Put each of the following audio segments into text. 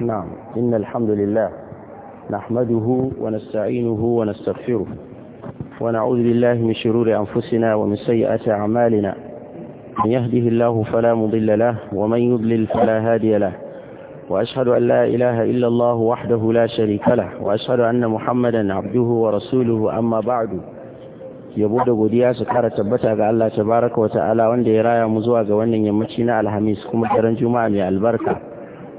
نعم إن الحمد لله نحمده ونستعينه ونستغفره ونعوذ بالله من شرور أنفسنا ومن سيئات أعمالنا من يهده الله فلا مضل له ومن يضلل فلا هادي له وأشهد أن لا إله إلا الله وحده لا شريك له وأشهد أن محمدا عبده ورسوله أما بعد yabo da godiya su kara tabbata ga Allah tabaraka wa ta'ala wanda ya raya mu zuwa ga wannan yammaci na Alhamis kuma daren Juma'a mai albarka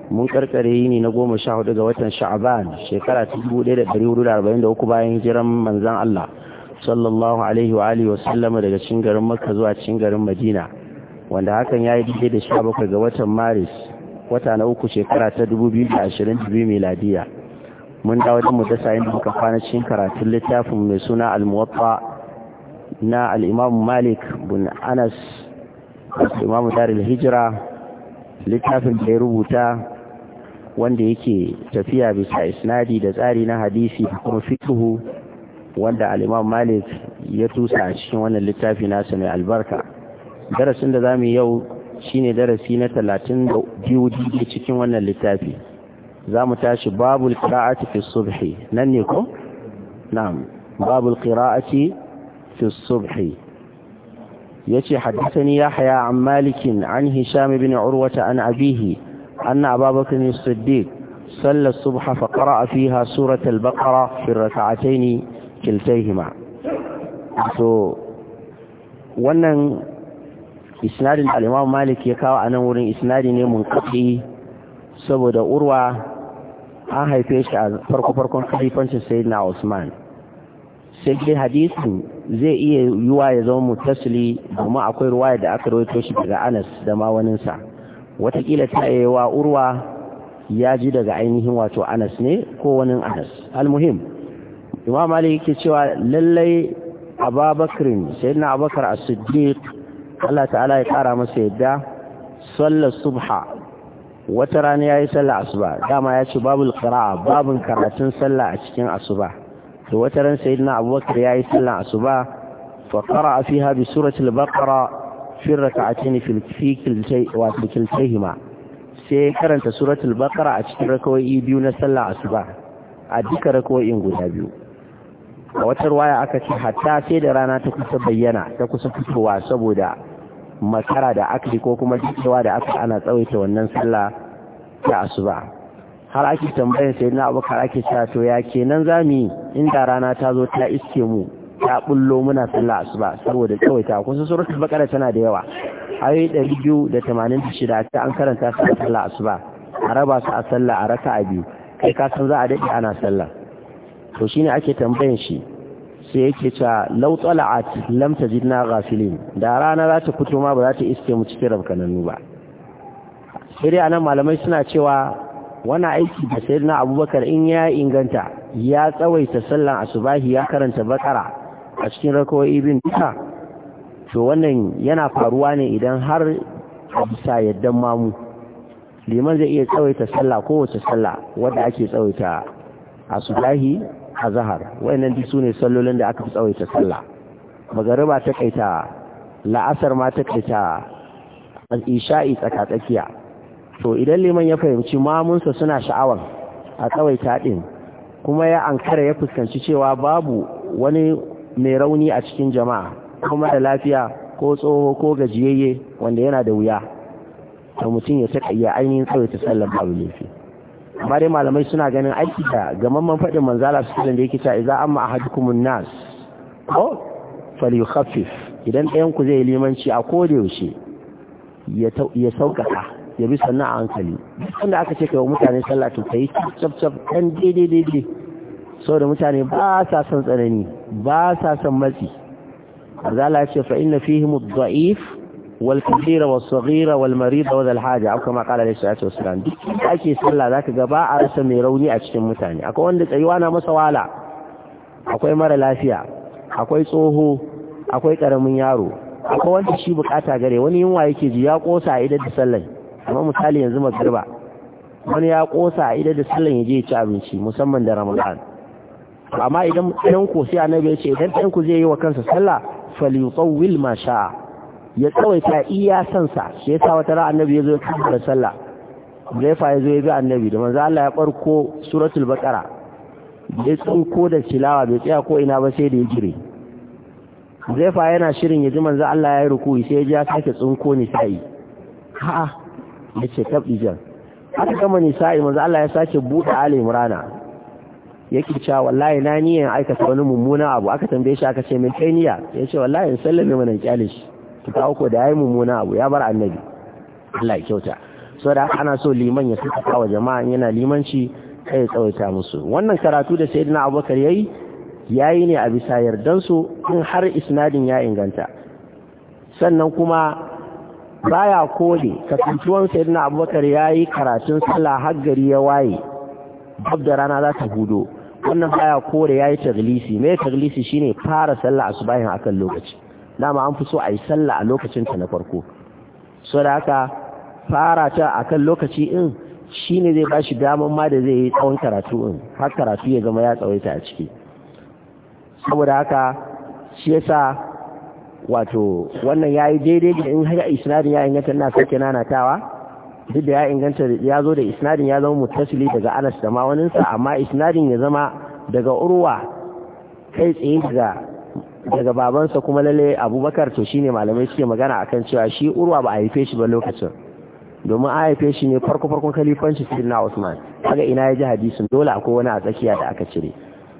mun karkare yini na goma sha hudu ga watan sha'aban shekara ta dubu ɗaya da ɗari hudu da arba'in da uku bayan hijiran manzan Allah sallallahu alaihi wa alihi wasallama daga cikin garin makka zuwa cikin garin madina wanda hakan ya yi daidai da sha bakwai ga watan maris wata na uku shekara ta dubu biyu da ashirin da biyu miladiya mun dawo da muddasa inda muka kwana cikin karatun littafin mai suna al-muwatta na al-imam malik bin anas imam darul hijira littafin da ya rubuta wanda yake tafiya bisa isnadi da tsari na hadisi da kuma fiqhu wanda al-Imam Malik ya tusa a cikin wannan littafi nasa mai albarka darasin da zamu yau shine darasi na 32 dide cikin wannan littafi zamu tashi babul qira'ati fi subhi nan ne ko na'am babul qira'ati fi subhi yace hadisani yahya an malik an hisham ibn urwa an abihi أن أبا بكر الصديق صلى الصبح فقرأ فيها سورة البقرة في الركعتين كلتيهما so wannan isnadin al-Imam Malik ya kawo anan wurin isnadi ne munqati saboda urwa an haife shi a farko farkon khalifancin Sayyidina Usman sai dai hadisin zai iya yiwa ya zama mutasili domin akwai ruwaya da aka rawaito shi daga Anas da mawaninsa. watakila ta yawa urwa ya ji daga ainihin wato anas ne ko wani anas almuhim imam ali yake cewa lallai ababakrin sayyidina abubakar as-siddiq Allah ta'ala ya kara masa yadda sallar subha wata rana yi sallar asuba dama ya ce babu qira'a babun karatun sallah a cikin asuba to wata ran sayyidina abubakar yayi sallar asuba fa qara'a fiha bi suratul baqara fin raka'atain fi kiltai wa kiltaihima sai karanta suratul baqara a cikin rakawoyi biyu na sallar asuba a duka rakawoyin guda biyu a wata ruwaya aka ce hatta sai da rana ta kusa bayyana ta kusa fitowa saboda makara da akli ko kuma cewa da aka ana tsawaita wannan sallah ta asuba har ake tambayar sai na abubakar ake cewa to ya kenan zamu yi inda rana ta zo ta iske mu ta bullo muna sallah asuba saboda kawai ta kusa suratul baqara tana da yawa ayi 286 an karanta su a sallah asuba a raba su a sallah a a biyu kai ka san za a dade ana sallah to shine ake tambayan shi sai yake cewa law tala'at lam tajidna ghafilin da rana za ta fito ma ba za ta iske mu cikin rabkananu ba sai dai anan malamai suna cewa wannan aiki da sayyidina abubakar in ya inganta ya tsawaita sallan asubahi ya karanta bakara a cikin rakawai bin ta, to wannan yana faruwa ne idan har a bisa yaddan mamu liman zai iya tsawaita sallah kowace sallah wadda ake tsawaita a sulahi a zahar wayannan duk su ne sallolin da aka fi tsawaita sallah magariba ta kaita la'asar ma ta kaita isha'i tsakatsakiya to idan liman ya fahimci mamunsa suna sha'awar a tsawaita din kuma ya ankara ya fuskanci cewa babu wani mai rauni a cikin jama'a kuma da lafiya ko tsoho ko gajiyayye wanda yana da wuya ta mutum ya ta iya ainihin tsawaita sallar babu laifi amma dai malamai suna ganin aiki da gamamman faɗin manzala su da yake ta ma'a amma kuma nas ko hafif. idan ɗayan ku zai limanci a koda yaushe ya sauƙaƙa ya bi sannan a hankali duk wanda aka ce kai wa mutane sallah to kai tsaf tsaf ɗan daidai daidai saboda mutane ba sa son tsanani ba sa son matsi azala ce fa inna fihim ad-da'if wal kabir was saghir wal marid wa al haja aka ma kala alaihi wasu wassalam duk ake sallah za ka gaba a rasa mai rauni a cikin mutane akwai wanda tsayuwa na masa wala akwai mara lafiya akwai tsoho akwai karamin yaro akwai wanda shi bukata gare wani yunwa yake ji ya kosa a idan da sallan amma misali yanzu girba. wani ya kosa a idan da sallan ya je ya ci abinci musamman da ramadan amma idan ɗan ku sai annabi ya ce idan ɗan ku zai yi wa kansa sallah falyutawwil ma sha'a ya tsawaita iya sansa shi yasa wata ran annabi ya zo ya kabbara sallah fa ya zo ya bi annabi da manzo Allah ya farko suratul baqara ya tsinko da tilawa bai tsaya ko ina ba sai da ya jire fa yana shirin ya ji manzo Allah ya yi ruku'i sai ya ji ya sake tsinko ni sai ha'a yace tabdijan aka gama nisa'i manzo Allah ya sake buɗe Ali Imran yake cewa wallahi na niyan aikata wani mummuna abu aka tambaye shi aka ce min kai niyya ya ce wallahi in sallame mana kyale shi to ta uku da yayi mummuna abu ya bar annabi Allah ya kyauta so da ana so liman ya saka kawo jama'a yana limanci kai ya tsawaita musu wannan karatu da sayyidina Abubakar yayi yayi ne a bisa yardan su in har isnadin ya inganta sannan kuma baya kole kasantuwan sayyidina Abubakar yayi karatun sallah har gari ya waye bab da rana za ta hudo wannan baya kore yayi taglisi mai taglisi ne fara sallah bayan akan lokaci dama an fi so a yi sallah a lokacin na farko so da haka fara ta akan lokaci shi ne zai bashi daman ma da zai yi tsawon karatu in, har karatu ya zama ya tsawaita a ciki saboda haka shi ya sa wato wannan ya yi daidai da in har isnadin ya inganta na sake nanatawa duk da ya inganta ya zo da isnadin ya zama mutasili daga anas da mawaninsa, amma isnadin ya zama daga urwa kai tsaye daga daga babansa kuma lalle abubakar to shine malamai suke magana akan cewa shi urwa ba a haife shi ba lokacin domin a haife shi ne farko farkon kalifanci sirna usman kaga ina ya ji hadisin dole akwai wani a tsakiya da aka cire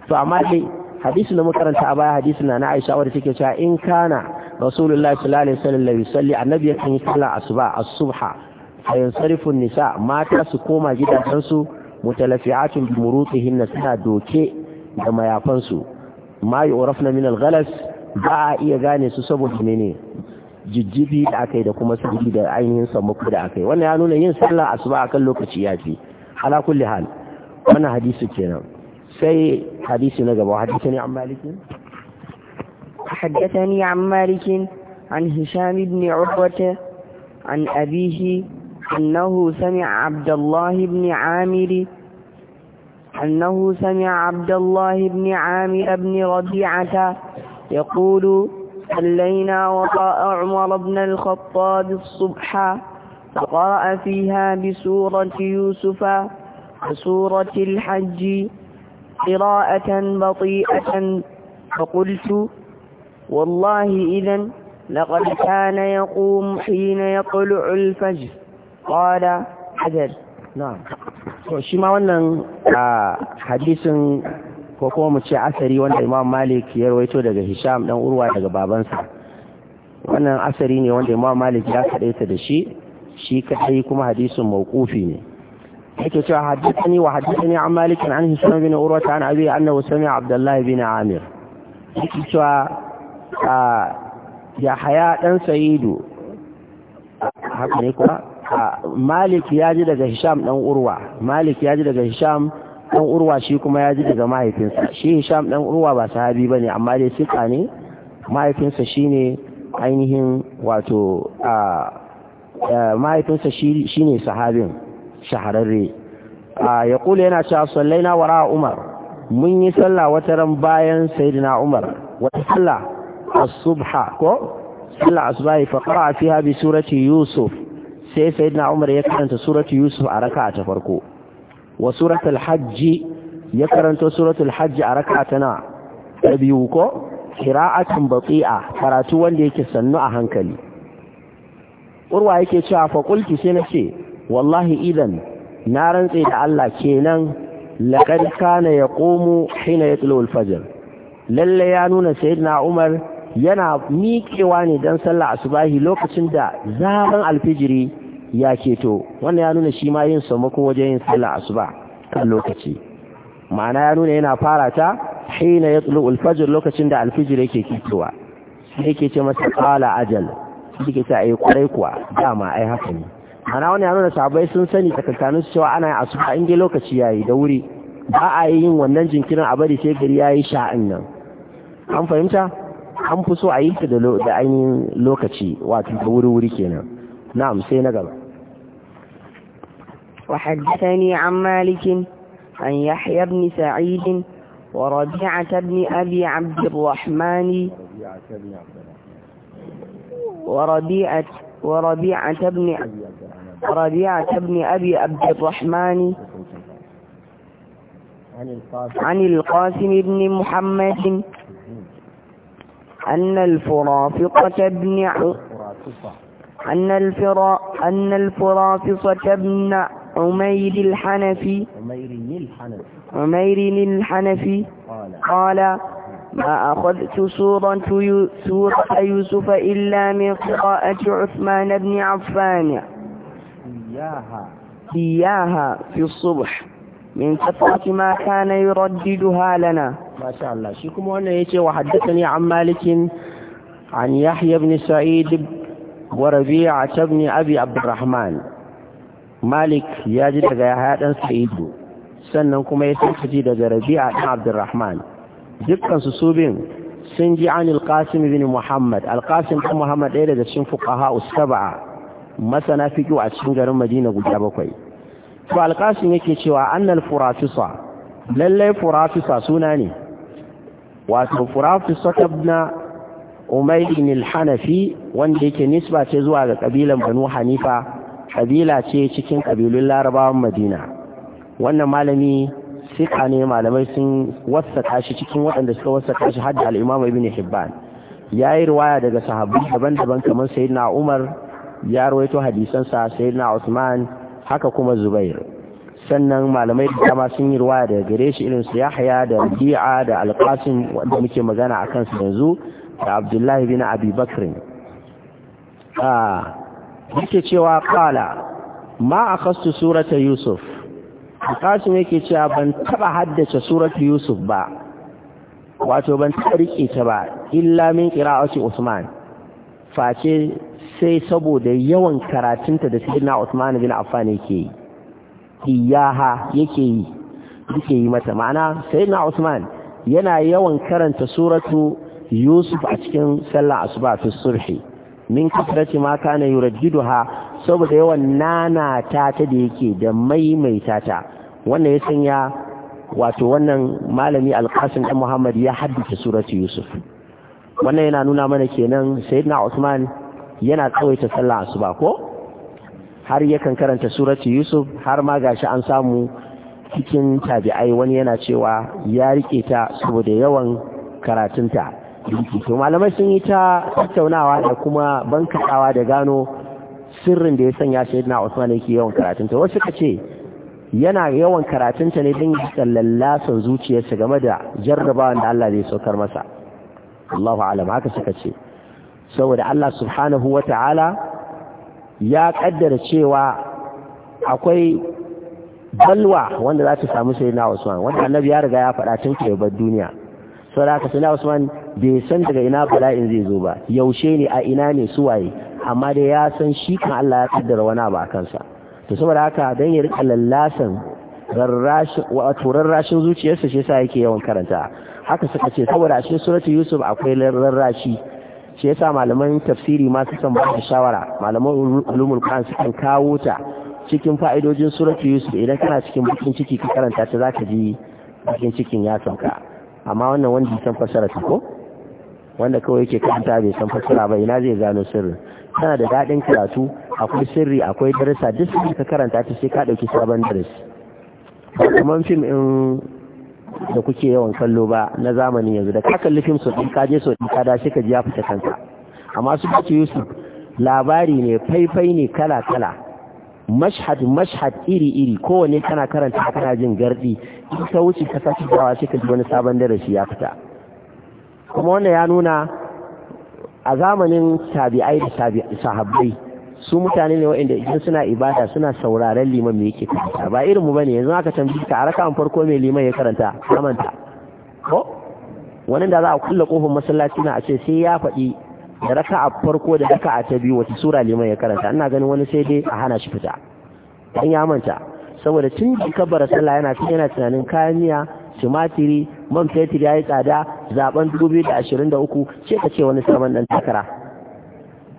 to amma dai hadisin da makaranta a baya hadisin na na aisha wadda take cewa in kana rasulullahi sallallahu alaihi wasallam annabi yakan yi sallar asuba as-subha ayin sarifin nisa mata su koma gidajensu mutalafi'atun bi murutihinna suna doke da mayafansu ma urafna min al-ghalas ba a iya gane su saboda mene jijjibi da akai da kuma sabbi da ainihin samuku da akai wannan ya nuna yin sallah asuba akan lokaci yafi ala kulli hal wannan hadisi kenan sai hadisi na gaba hadisi ne an maliki حدثني عن مالك عن هشام بن عروة عن أبيه أنه سمع عبد الله بن عامر أنه سمع عبد الله بن عامر بن ربيعة يقول صلينا وقرأ عمر بن الخطاب الصبح فقرأ فيها بسورة يوسف وسورة الحج قراءة بطيئة فقلت والله إذا لقد كان يقوم حين يطلع الفجر qala hajar na'am to shi ma wannan hadisin ko kuma mu ce asari wanda Imam Malik ya rawaito daga Hisham dan Urwa daga babansa wannan asari ne wanda Imam Malik ya ta da shi shi kadai kuma hadisin mawqufi ne yake cewa haddathani wa haddathani an Malik an Hisham bin Urwa an abi annahu sami Abdullah bin Amir yake cewa ya haya dan Sa'idu haka ne kuma malik ya ji daga hisham dan urwa malik ya ji daga hisham dan urwa shi kuma ya ji daga mahaifinsa shi hisham dan urwa ba sahabi bane amma dai sika ne mahaifinsa shine ainihin wato mahaifinsa shine sahabin shahararre ya kula yana cewa sallai na wara umar mun yi sallah wata ran bayan sayyidina umar wata sallah as-subha ko sallah asbahi fa qara'a fiha bi surati yusuf sai sayyidina Umar ya karanta suratu Yusuf a raka'a ta farko wa suratul Hajj ya karanta suratul Hajj a raka'a ta na biyu ko qira'atun a karatu wanda yake sannu a hankali urwa yake cewa fa qulti sai nace wallahi idan na rantse da Allah kenan laqad kana yaqumu hina yatlu al-fajr lalle ya nuna sayyidina Umar yana miƙewa ne dan sallah asubahi lokacin da zaran alfijiri ya keto wannan ya nuna shi ma yin sammako wajen yin sallah asuba kan lokaci ma'ana ya nuna yana fara ta hina ya tsulu alfajir lokacin da alfijir yake kitowa sai yake ce masa kala ajal ke ce yi kwarai kuwa dama ai haka ne ma'ana wannan ya nuna sabai sun sani tsakankanin su cewa ana yin asuba in dai lokaci yi da wuri ba a yi yin wannan jinkirin a bari sai gari yi sha'an nan an fahimta an fi so a yi ta da ainihin lokaci wato da wuri-wuri kenan نعم سينا جمع وحدثني عن مالك عن يحيى بن سعيد وربيعة بن أبي عبد الرحمن وربيعة وربيعة بن ربيعة بن أبي عبد الرحمن عن القاسم بن محمد أن الفرافقة بن أن الفرا أن الفرافصة بن عمير الحنفي عمير الحنفي عمير الحنفي قال, ما أخذت سورة سورة يوسف إلا من قراءة عثمان بن عفان إياها إياها في الصبح من كثرة ما كان يرددها لنا ما شاء الله شيكم وانا يتي وحدثني عن مالك عن يحيى بن سعيد وربيعة بن أبي عبد الرحمن مالك يجد هذا Sa'idu sannan kuma ya tafi daga Rabi'a ɗan Abdurrahman dukkan su su sun ji anul al-Qasim ibn Muhammad al-Qasim ibn Muhammad ɗaya daga cikin fuqaha usaba masana fiqh a cikin garin Madina guda bakwai to al-Qasim yake cewa annal furafisa lallai furafisa suna ne wato furafisa tabna ibn al-hanafi wanda yake nisba ce zuwa ga kabilan banu hanifa kabila ce cikin kabilun larabawan madina wannan malami sika ne malamai sun wasaka shi cikin waɗanda suka wasaka shi hadda al-imam ibn hibban yayi riwaya daga sahabbai daban-daban kamar sayyidina umar ya rawaito hadisan sa sayyidina usman haka kuma zubair sannan malamai da dama sun yi riwaya daga gare shi irin su yahya da bi'a da al-qasim wanda muke magana akan su yanzu da abdullahi bin abi a ah, yake cewa kala ma a kastu surata yusuf bukatun yake cewa ban taba haddace suratu yusuf ba wato ban taba riƙe ta ba illa min ƙira'ashi usman face sai saboda yawan karatunta da sayyidina usman bin affan yake yi iyaha yake yi yake yi mata ma'ana sayyidina usman yana yawan karanta suratu yusuf a cikin sallar asuba fi surhi min kasrati ma kana yurajjiduha saboda yawan nana ta ta da yake da maimaita ta wannan ya sanya wato wannan malami alqasim dan muhammad ya haddace surati yusuf wannan yana nuna mana kenan sayyidina usman yana tsawaita sallar asuba ko har yakan karanta surati yusuf har ma gashi an samu cikin tabi'ai wani yana cewa ya rike ta saboda yawan karatunta dinki to malamai sun yi ta tattaunawa da kuma bankaɗawa da gano sirrin da ya sanya na Usman yake yawan karatun ta wasu kace yana yawan karatun ta ne don ya sallalla son zuciyarsa game da jarrabawan da Allah zai saukar masa Allahu a'lam haka suka ce saboda Allah subhanahu wata'ala ya kaddara cewa akwai balwa wanda za ta samu sayyidina Usman wanda annabi ya riga ya faɗa tun kai bar duniya saboda haka sai Usman bai san daga ina bala'in zai zo ba yaushe ne a ina ne suwaye amma dai ya san shi kan Allah ya kaddara wani ba kansa to saboda haka dan ya rika lallasan rarrashin rarrashin zuciyarsa shi yasa yake yawan karanta haka suka ce saboda shi suratu Yusuf akwai rarrashi shi yasa malaman tafsiri ma sukan ba da shawara malaman ulumul Qur'an kan kawo ta cikin fa'idojin suratu Yusuf idan kana cikin bakin ciki ka karanta ta za zaka ji bakin cikin ya sauka amma wannan wanda san fasara ko wanda kawai yake karanta bai san fasara ba ina zai gano sirri? kana da daɗin karatu akwai sirri akwai darasa duk sai ka karanta ta sai ka ɗauki sabon darasi kuma fim in da kuke yawan kallo ba na zamani yanzu da ka kalli fim sau ɗin ka je sau din ka da shi ka ji ya fita kanka amma su ce yusuf labari ne faifai ne kala kala mashhad mashhad iri iri kowane kana karanta kana jin gardi in ka wuce ka saki dawa sai ka ji wani sabon darasi ya fita kuma wannan ya nuna a zamanin tabi'ai da sahabbai su mutane ne waɗanda idan suna ibada suna sauraren liman me yake karanta ba irin mu bane yanzu aka tambaye ka araka an farko me liman ya karanta zamanta ko wani da za a kulle kofar masallaci na a ce sai ya faɗi da raka'a farko da raka'a ta biyu wata sura liman ya karanta ina ganin wani sai dai a hana shi fita dan ya manta saboda tun da kabbar sallah yana cikin yana tunanin kayan miya tumatiri man fetur ya yi tsada zaben 2023 ce ka ce wani saman dan takara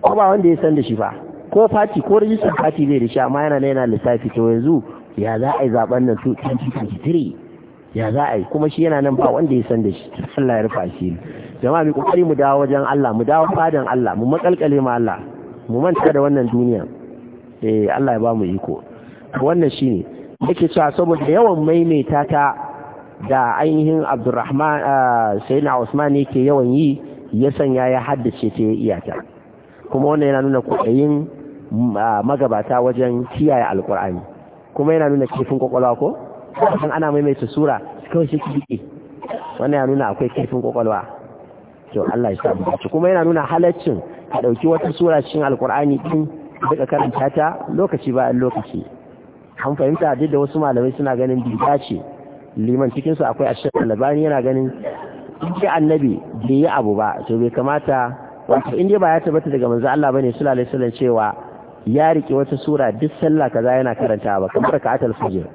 ko ba wanda ya san da shi ba ko fati ko rijistar fati zai da shi amma yana yana lissafi to yanzu ya za a yi zaben nan 2023 ya za a yi kuma shi yana nan ba wanda ya san da shi sallah ya rufa shi jama'a mu kokari mu dawo wajen Allah mu dawo fadan Allah mu makalkale ma Allah mu manta da wannan duniya eh Allah ya ba mu iko wannan shine yake cewa saboda yawan maimaita ta da ainihin Abdurrahman ah, Sayyidina Usman yake yawan yi ya sanya ya haddace ta ya iyata kuma wannan yana nuna kokarin ah, magabata wajen kiyaye alkur'ani kuma yana nuna kifin kokolwa ko san ana maimaita sura kawai shi ki wannan ya nuna akwai kifin kwakwalwa to Allah ya samu mu kuma yana nuna halaccin ka dauki wata sura cikin alkur'ani din duka karanta ta lokaci bayan lokaci an fahimta duk da wasu malamai suna ganin bi ce liman cikin su akwai ashar labani yana ganin duk annabi bai yi abu ba to bai kamata wato in dai ba ya tabbata daga manzo Allah bane sallallahu alaihi wasallam cewa ya rike wata sura duk sallah kaza yana karanta ba kamar ka atal fajr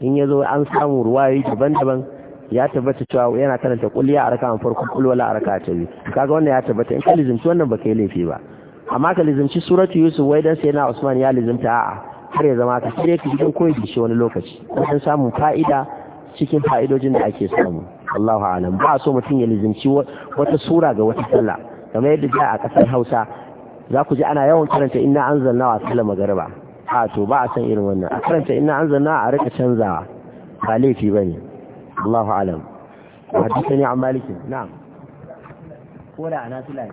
in yazo an samu ruwayoyi daban-daban ya tabbata cewa yana karanta kulliya a raka'an farko kulwala wala raka'a ta biyu kaga wannan ya tabbata in ka lizimci wannan baka yi laifi ba amma ka lizimci suratu yusuf wai dan sai na usman ya lizimta a'a har ya zama ka sai ka gidan koyi shi wani lokaci dan samun fa'ida cikin fa'idojin da ake samu Allahu a'lam ba so mutum ya lizimci wata sura ga wata sallah kamar yadda da a kasar Hausa za ku ji ana yawan karanta inna anzalna wa sallama magariba a to ba a san irin wannan a karanta inna anzalna a rika canzawa ba laifi bane الله أعلم حدثني عن مالك نعم ولا أنا سلاني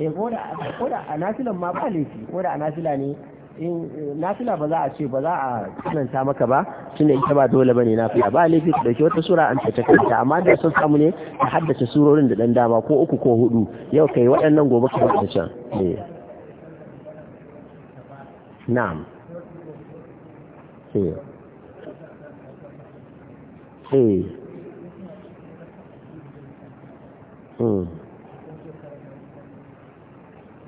إيه ولا ولا أنا سلم ما بالي ولا أنا سلاني in fila ba za a ce ba za a tsananta maka ba tun da ita ba dole bane nafila ba laifi ka dauki wata sura an ta kanta amma da sun samu ne a haddace surorin da dan dama ko uku ko hudu yau kai waɗannan gobe ka ta can eh. na'am eh. Hmm.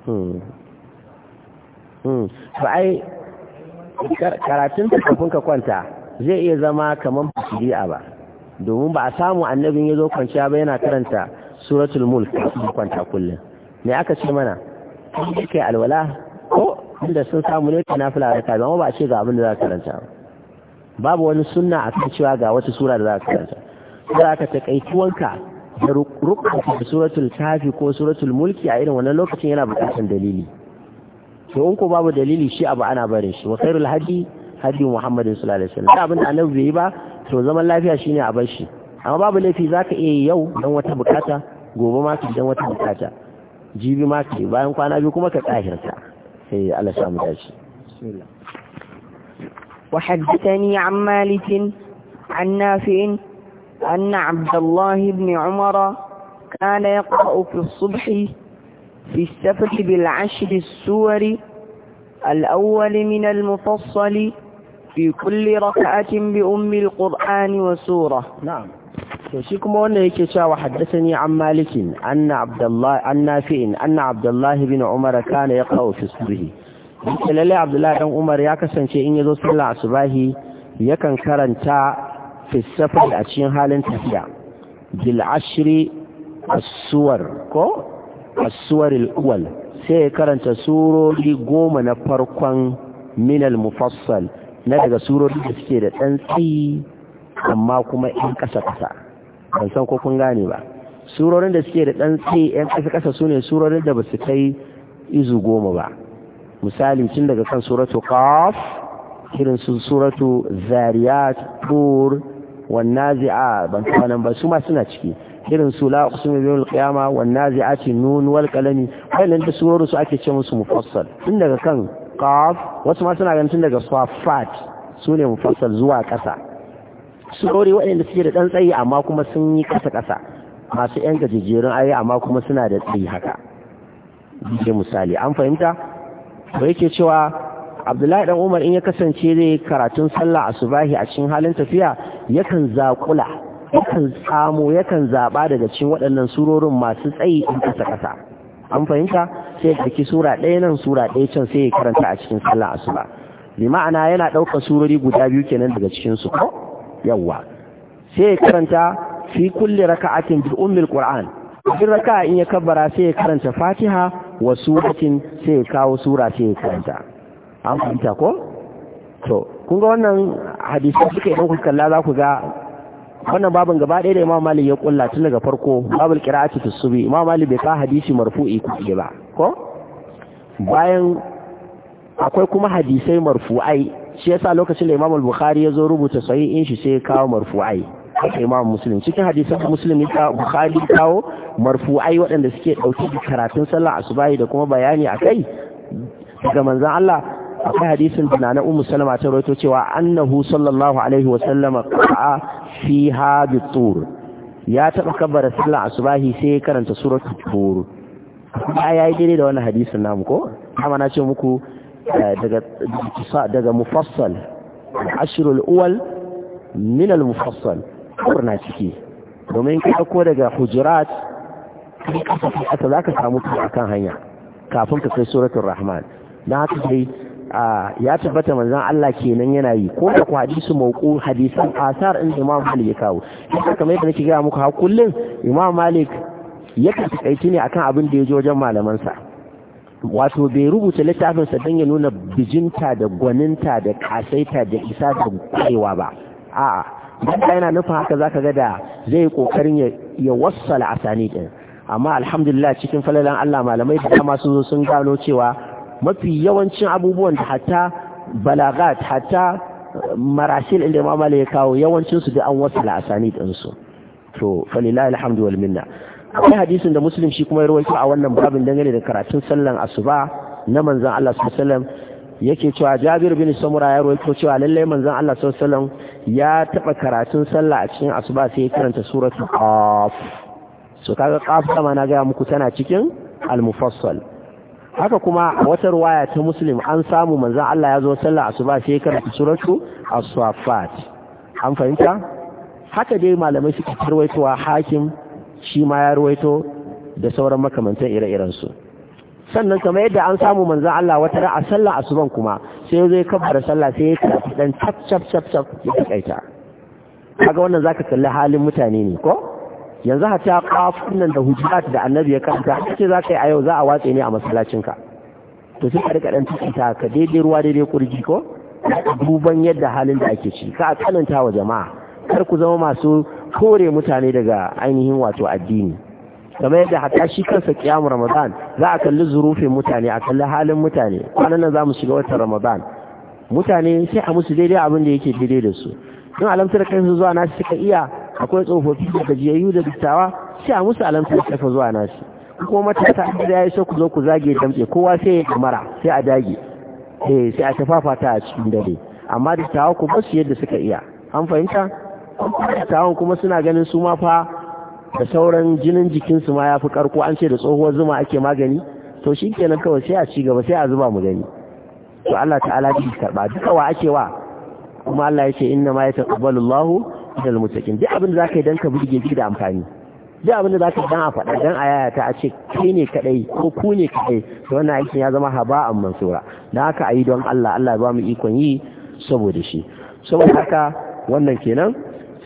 Hmm. Hmm. karatun kafin ka kwanta zai iya zama kamar fasidiya ba domin ba a samu annabin ya zo kwanciya ba yana karanta suratul mulk kafin kwanta kullum me aka ce mana kai alwala ko inda sun samu ne na fula da ba a ce ga abin da za ka karanta ba babu wani sunna a kan cewa ga wata sura da za ka karanta za ka takaici wanka da rukunta da suratul kafi ko suratul mulki a irin wannan lokacin yana buƙatar dalili to in ko babu dalili shi abu ana barin shi wa khairul hadi hadi muhammad sallallahu alaihi wasallam abin da annabi bai yi ba to zaman lafiya shine a bar shi amma babu laifi zaka iya yau dan wata bukata gobe ma ka dan wata bukata jibi ma ka bayan kwana biyu kuma ka tsahirta sai eh, Allah ya samu dace bismillah وحدثني عن مالك عن نافع أن عبد الله بن عمر كان يقرأ في الصبح في السفر بالعشر السور الأول من المفصل في كل ركعة بأم القرآن وسورة نعم shi kuma وحدثني عن مالك أن عبد الله أن نافع أن عبد الله بن عمر كان يقرأ في الصبح yake lalle abdullahi dan umar ya kasance in yazo sallah asubahi yakan karanta fi a cikin halin tafiya bil ashri as-suwar ko as-suwar al-awwal sai ya karanta surori goma na farkon min al-mufassal na daga surori da suke da tsantsi amma kuma in kasa kasa ban san ko kun gane ba surorin da suke da tsantsi yan kasa kasa sune surorin da ba su kai izu goma ba misali tun daga kan suratu qaf irin su suratu zariyat tur wan nazi'a ban nan ba su ma suna ciki irin su la uqsimu bil qiyama wan nazi'ati nun wal qalami wannan da suwaru su ake ce musu mufassal tun daga kan qaf wasu ma suna ganin tun daga safat ne mufassal zuwa kasa surori waɗanda suke da dan tsayi amma kuma sun yi kasa kasa masu yan gajejerun ayi amma kuma suna da tsayi haka ke misali an fahimta ba yake cewa abdullahi dan umar in ya kasance zai karatun sallah a asubahi a cikin halin tafiya yakan zakula yakan samu yakan zaba daga cikin waɗannan surorin masu tsayi in kasa kasa an fahimta sai ya ɗauki sura ɗaya nan sura ɗaya can sai ya karanta a cikin sallah asuba bi ma'ana yana ɗaukar surori guda biyu kenan daga cikin su ko yawwa sai ya karanta fi kulli raka'atin bi ummil qur'an duk raka'a in ya kabbara sai ya karanta fatiha wa suratin sai kawo sura sai karanta an fahimta ko to kun ga wannan hadisi suka idan ku kalla za ku ga wannan babin gaba ɗaya da Imam Malik ya kulla tun daga farko babul qira'ati fi subi Imam Malik bai ka hadisi marfu'i ku ba ko bayan akwai kuma hadisai marfu'ai shi yasa lokacin da Imam Al-Bukhari ya zo rubuta sahihin shi sai ya kawo marfu'ai haka imam muslim cikin hadisan muslim ya bukhari kawo ai waɗanda suke ɗauki da karatun sallah asubahi da kuma bayani a kai daga manzan Allah akwai hadisin da na ummu salama ta rawaito cewa annahu sallallahu alaihi wa sallama qa'a fi hadi tur ya taba kabbara sallah asubahi sai ya karanta suratul tur ya yi dare da wannan hadisin namu ko amma na ce muku eh, daga daga mufassal ashrul awwal min al mufassal kabar na ciki domin ka ko daga hujurat kai ƙasa kai aka za samu ka a kan hanya kafin ka kai suratun rahman dan haka dai ya tabbata manzon Allah kenan yana yi ko da ku hadisu mauqu hadisan asar in imam malik ya kawo haka kamar yadda nake gaya muku ha, kullum imam malik yakan takaici ne akan abin da ya ji wajen malamansa wato bai rubuta littafin sa dan ya nuna bijinta da gwaninta da kasaita da isa da kwarewa ba a'a da yana nufin haka zaka ga da zai kokarin ya ya wassala asani ɗin, amma alhamdulillah cikin falalan Allah malamai da dama sun zo sun gano cewa mafi yawancin abubuwan da hatta balagat hatta eh, marasil inda Imam ya kawo yawancin da an wassala asani din su to falilahi alhamdu minna akwai hadisin da muslim shi kuma ya rawaito a wannan babin dangane da karatun sallan asuba na manzon Allah sallallahu alaihi wasallam yake cewa Jabir bin Samura ya roƙo cewa lalle manzon Allah sallallahu ya taba karatun sallah a cikin asuba sai ya karanta suratu Qaf so kaga Qaf kama na ga muku tana cikin al-mufassal haka kuma wata riwaya ta Muslim an samu manzon Allah ya zo sallah asuba sai ya karanta suratu As-Saffat an fahimta haka dai malamai suka tarwaitowa hakim shi ma ya ruwaito da sauran makamantan ire iren su.' sannan kamar yadda an samu manzon Allah wata ra'a sallah asuban kuma sai zai kabbara sallah sai ya kafi dan cap cap cap cap ya kaita kaga wannan zaka kalli halin mutane ne ko yanzu hata kafin nan da hujjat da annabi ya karanta ce zaka yi a yau za a watse ne a masallacinka to sai ka rika dan tsita ka daidai ruwa daidai kurji ko duban yadda halin da ake ci ka kananta wa jama'a kar ku zama masu kore mutane daga ainihin wato addini kamar yadda hatta shi kansa kiyamu ramadan za a kalli zurufin mutane a kalli halin mutane kwanan nan za mu shiga watan ramadan mutane sai a musu daidai abin da yake daidai da su in alamtar kai su zuwa nasu suka iya akwai tsofaffi da gajiyayyu da dattawa sai a musu alamtar kai zuwa nasu kuma matasa da ya so ku zo ku zage damtse kowa sai ya kamara sai a dage eh sai a ta a cikin dare amma dattawa ku basu yadda suka iya an fahimta dattawan kuma suna ganin su ma fa da sauran jinin jikinsu ma ya fi karko an ce da tsohuwar zuma ake magani to shi kenan kawai sai a ci gaba sai a zuba mu gani to Allah ta'ala ji karba duka wa ake wa kuma Allah ya ce inna ma yataqabbalu Allahu minal muttaqin duk abin da zaka yi dan ka burge ki da amfani duk abin da zaka dan a faɗa dan a ta a ce kai ne kadai ko ku ne kadai to wannan aikin ya zama haba'an mansura dan haka ayi don Allah Allah ya ba mu ikon yi saboda shi saboda haka wannan kenan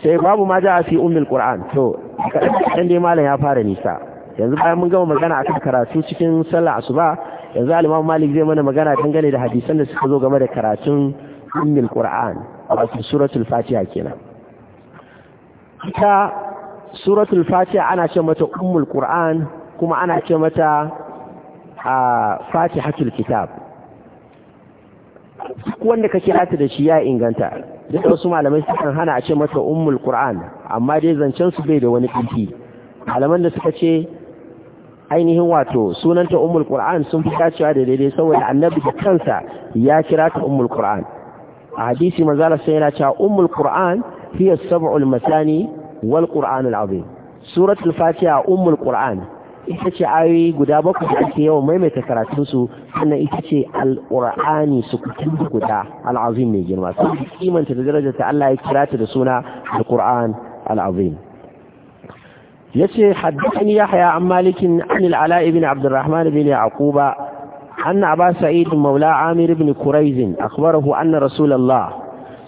sai babu ma ja'a fi ummul qur'an to kaɗan dai malam ya fara nisa yanzu bayan mun gama magana akan karatu cikin sallah asuba yanzu al-imam malik zai mana magana dangane da hadisan da suka zo game da karatun ummul qur'an wato suratul fatiha kenan ita suratul fatiha ana ce mata ummul qur'an kuma ana ce mata a fatihatul kitab duk wanda ka kira da shi ya inganta duk wasu malamai sukan hana a ce mata ummul qur'an amma dai zancen su bai da wani ƙarfi malaman da suka ce ainihin wato sunanta ummul qur'an sun fi dacewa da daidai saboda annabi da kansa ya kira ta ummul qur'an a hadisi manzala sai yana cewa ummul qur'an hiya sab'ul masani wal qur'an al azim suratul fatiha ummul qur'an ita ce ayoyi guda bakwai da ake yawan maimaita karatunsu sannan ita ce al'ur'ani su kutum guda al-azim mai girma sun kimanta da darajar ta Allah ya kira ta da suna al al'azim ya ce haddani ya haya an malikin an ibn abdurrahman bin yaquba anna aba sa'id maula amir ibn quraiz akhbarahu anna rasulullah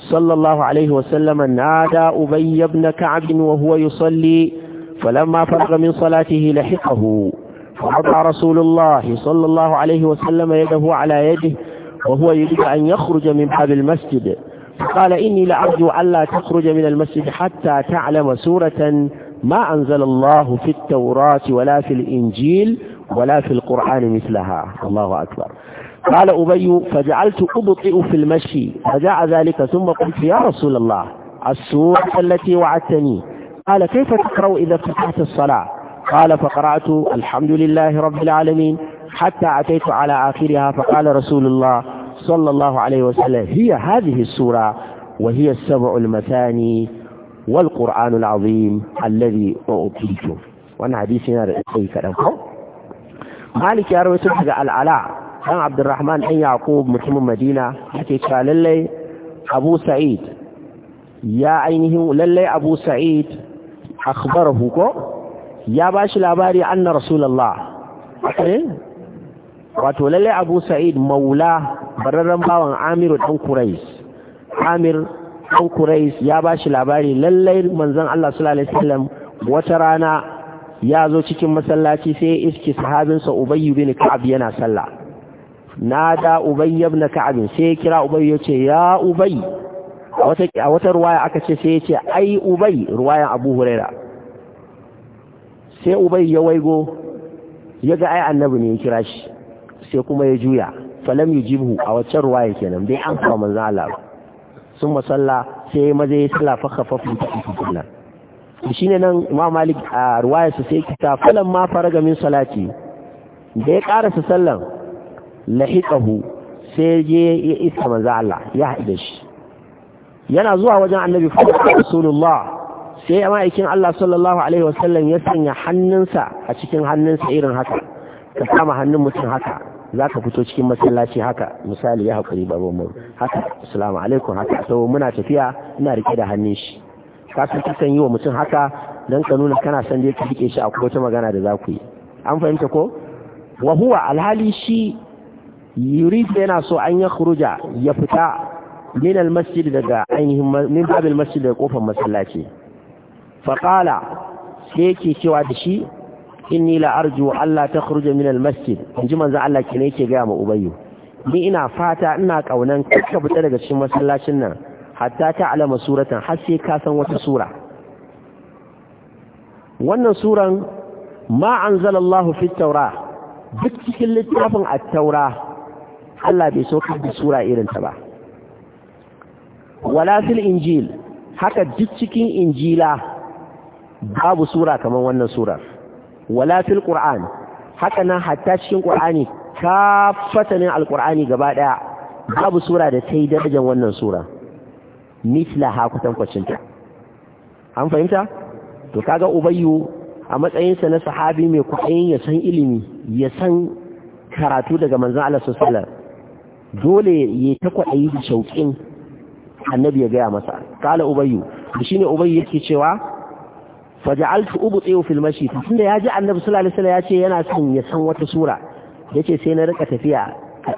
sallallahu alaihi wa sallam nada ubay ibn ka'ab wa huwa yusalli فلما فرغ من صلاته لحقه فوضع رسول الله صلى الله عليه وسلم يده على يده وهو يريد أن يخرج من باب المسجد فقال إني لأرجو ألا تخرج من المسجد حتى تعلم سورة ما أنزل الله في التوراة ولا في الإنجيل ولا في القرآن مثلها الله أكبر قال أبي فجعلت أبطئ في المشي فجاء ذلك ثم قلت يا رسول الله السورة التي وعدتني قال كيف تقرأ إذا افتتحت الصلاة قال فقرأت الحمد لله رب العالمين حتى أتيت على آخرها فقال رسول الله صلى الله عليه وسلم هي هذه السورة وهي السبع المثاني والقرآن العظيم الذي أعطيته وأنا حديثنا رأيتي كلام مالك يا روي سبحة العلاء كان عبد الرحمن أن يعقوب متم مدينة حتى قال لي أبو سعيد يا عينه للي أبو سعيد akhbarahu ko ya bashi labari anna rasulullah wato lalle abu sa'id maula bararren bawan amiru dan kurais amir dan kurais ya bashi labari lalle manzon Allah sallallahu alaihi wasallam wata rana ya zo cikin masallaci sai iski sahabinsa ubayy bin ka'ab yana sallah nada ubayy ibn ka'ab sai kira ubayy ce ya ubayy a wata ruwaya aka ce sai ya ce ai ubai ruwayan abu huraira sai ubai ya waigo ya ga ai annabi ne ya kira shi sai kuma ya juya falam yujibu a waccan ruwaya kenan dai an kawo manzan Allah sun masalla sai ya maza ya sala fa khafafin ta shi ne nan ma Malik a su sai kita falan ma fara gamin salati da ya karasa sallan lahiqahu sai ya yi isa manzan Allah ya haɗe shi yana zuwa wajen annabi rasulullah sai ma'aikin Allah sallallahu alaihi wasallam ya sanya hannunsa a cikin hannunsa irin haka ka kama hannun mutum haka za ka fito cikin masallaci haka misali ya haƙuri babban mu haka assalamu alaikum haka so muna tafiya ina rike da hannun shi ka san yi wa mutum haka dan ka nuna kana son dai ka rike shi a wata magana da za ku yi an fahimta ko wa alhali shi yuri yana so an ya khuruja ya fita min masjid daga ainihin min babil masjid daga kofar masallaci faqala sai yake cewa da shi inni la arju Allah ta khruja min almasjid inji manzo Allah kine yake ga ma ubayyu ni ina fata ina kaunan ka fita daga cikin masallacin nan hatta ta alama suratan har sai ka san wata sura wannan suran ma anzalallahu duk cikin littafin at-taura Allah bai so ka sura irin ta ba wala fil injil haka duk cikin injila babu sura kamar wannan sura wala fil qur'an haka nan hatta cikin qur'ani fatanin alqur'ani gaba daya babu sura da ta yi darajar wannan sura misla ha kwacinta. an fahimta to kaga ubayyu a matsayinsa na sahabi mai kwaɗayin ya san ilimi ya san karatu daga manzan Allah sallallahu dole ya ta kwaɗayi da shauƙin annabi ya gaya masa kala ubayyu shine ubayyu yake cewa faja'altu ubti'u fil mashi tunda yaji annabi sallallahu alaihi wasallam yace yana son ya san wata sura yace sai na rika tafiya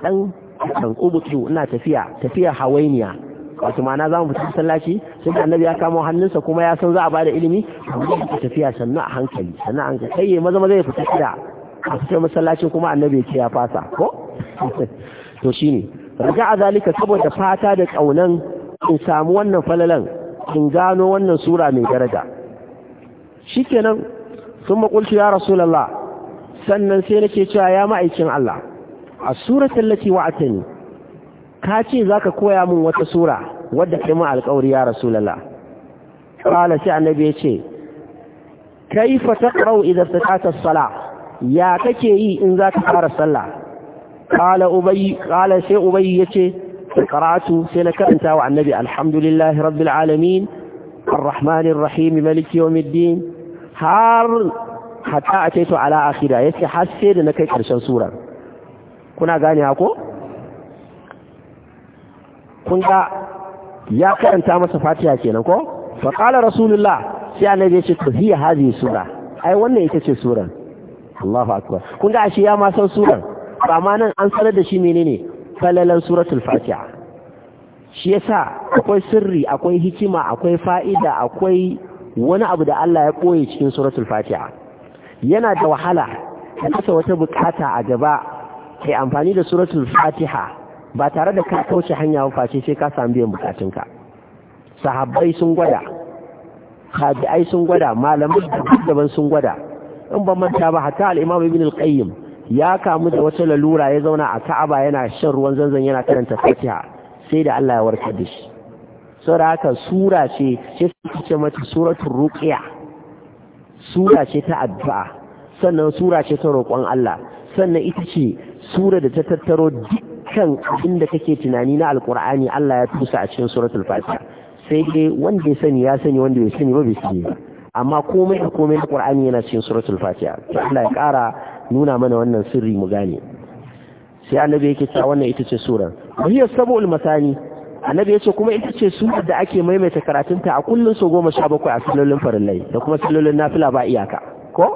dan dan ubti'u ina tafiya tafiya hawainiya wato ma'ana zamu fita sallaci sai annabi ya kamo hannunsa kuma ya san za a bada ilimi tafiya sannu a hankali sannan an ga kai maza maza ya fita tafiya a fitar masallacin kuma annabi ya ce ya fasa ko to shine raja'a zalika saboda fata da kaunan in samu wannan falalan in gano wannan sura mai daraja shikenan sun makulci ya rasulallah sannan sai nake cewa ya ma'aikin Allah a suratul lati wa'atani ka ce zaka koya min wata sura wadda kai mu alƙawari ya rasulallah qala sai annabi yace kaifa taqra'u idza taqata as-salah ya kake yi in zaka fara sallah qala ubay qala sai ce. قرأته sai na النبي الحمد لله رب العالمين الرحمن الرحيم ملك يوم الدين har hatta a taito ala akhira yace har sai da na kai karshen sura kuna gane ha ko ya karanta masa fatiha kenan ko fa qala rasulullah sai annabi yace to hiya hadhihi sura ai wannan ita ce suran Allahu akbar ashe ya ma san suran ba nan an sanar da shi menene falalan suratul fatiha shi yasa akwai sirri akwai hikima akwai fa'ida akwai wani abu da Allah ya koye cikin suratul fatiha yana da wahala ka kasa wata bukata a gaba kai amfani da suratul fatiha ba tare da ka kauce hanya ba face sai ka samu biyan bukatunka sahabbai sun gwada tabi'ai sun gwada malamai daban sun gwada in ba manta ba hatta alimam ibn al-qayyim ya kamu da wata lalura ya zauna a Ka'aba yana shan ruwan zanzan yana karanta Fatiha sai da Allah ya warkar da shi saboda haka sura ce ce ce mata suratul ruqya sura ce ta addu'a sannan sura ce ta roƙon Allah sannan ita ce sura da ta tattaro dukkan abin da kake tunani na alkur'ani Allah ya tusa a cikin suratul fatiha sai dai wanda ya sani ya sani wanda bai sani ba bai sani ba amma komai da komai na qur'ani yana cikin suratul fatiha Allah ya kara. nuna mana wannan sirri mu gane sai annabi yake cewa wannan ita ce sura wahiyar sabul masani annabi yace kuma ita ce sura da ake maimaita karatunta a kullun so 17 a sallolin farillai da kuma sallolin nafila ba iyaka ko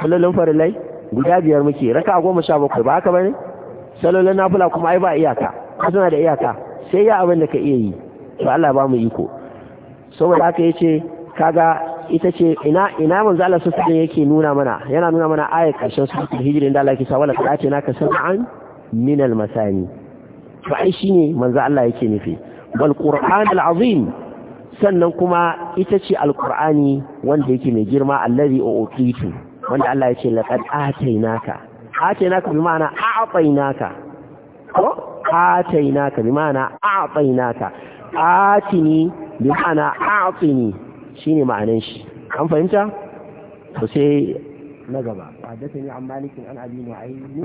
sallolin farillai guda biyar muke raka 17 ba haka bane sallolin nafila kuma ai ba iyaka suna da iyaka sai ya abin da ka iya yi to Allah ba mu iko saboda haka yace kaga ita ce ina ina manzo Allah yake nuna mana yana nuna mana ayat karshen suratul hijr da Allah ke sa wala qad na ka sab'an min al masani to ai shine manzo Allah yake nufi wal qur'an al azim sannan kuma ita ce al qur'ani wanda yake mai girma allazi utitu wanda Allah ya ce laqad atainaka atainaka bi ma'ana a'tainaka ko atainaka bi ma'ana a'tainaka atini bi ma'ana a'tini شيني ma'anan shi an fahimta to حدثني عن مالك عن أبي نعيم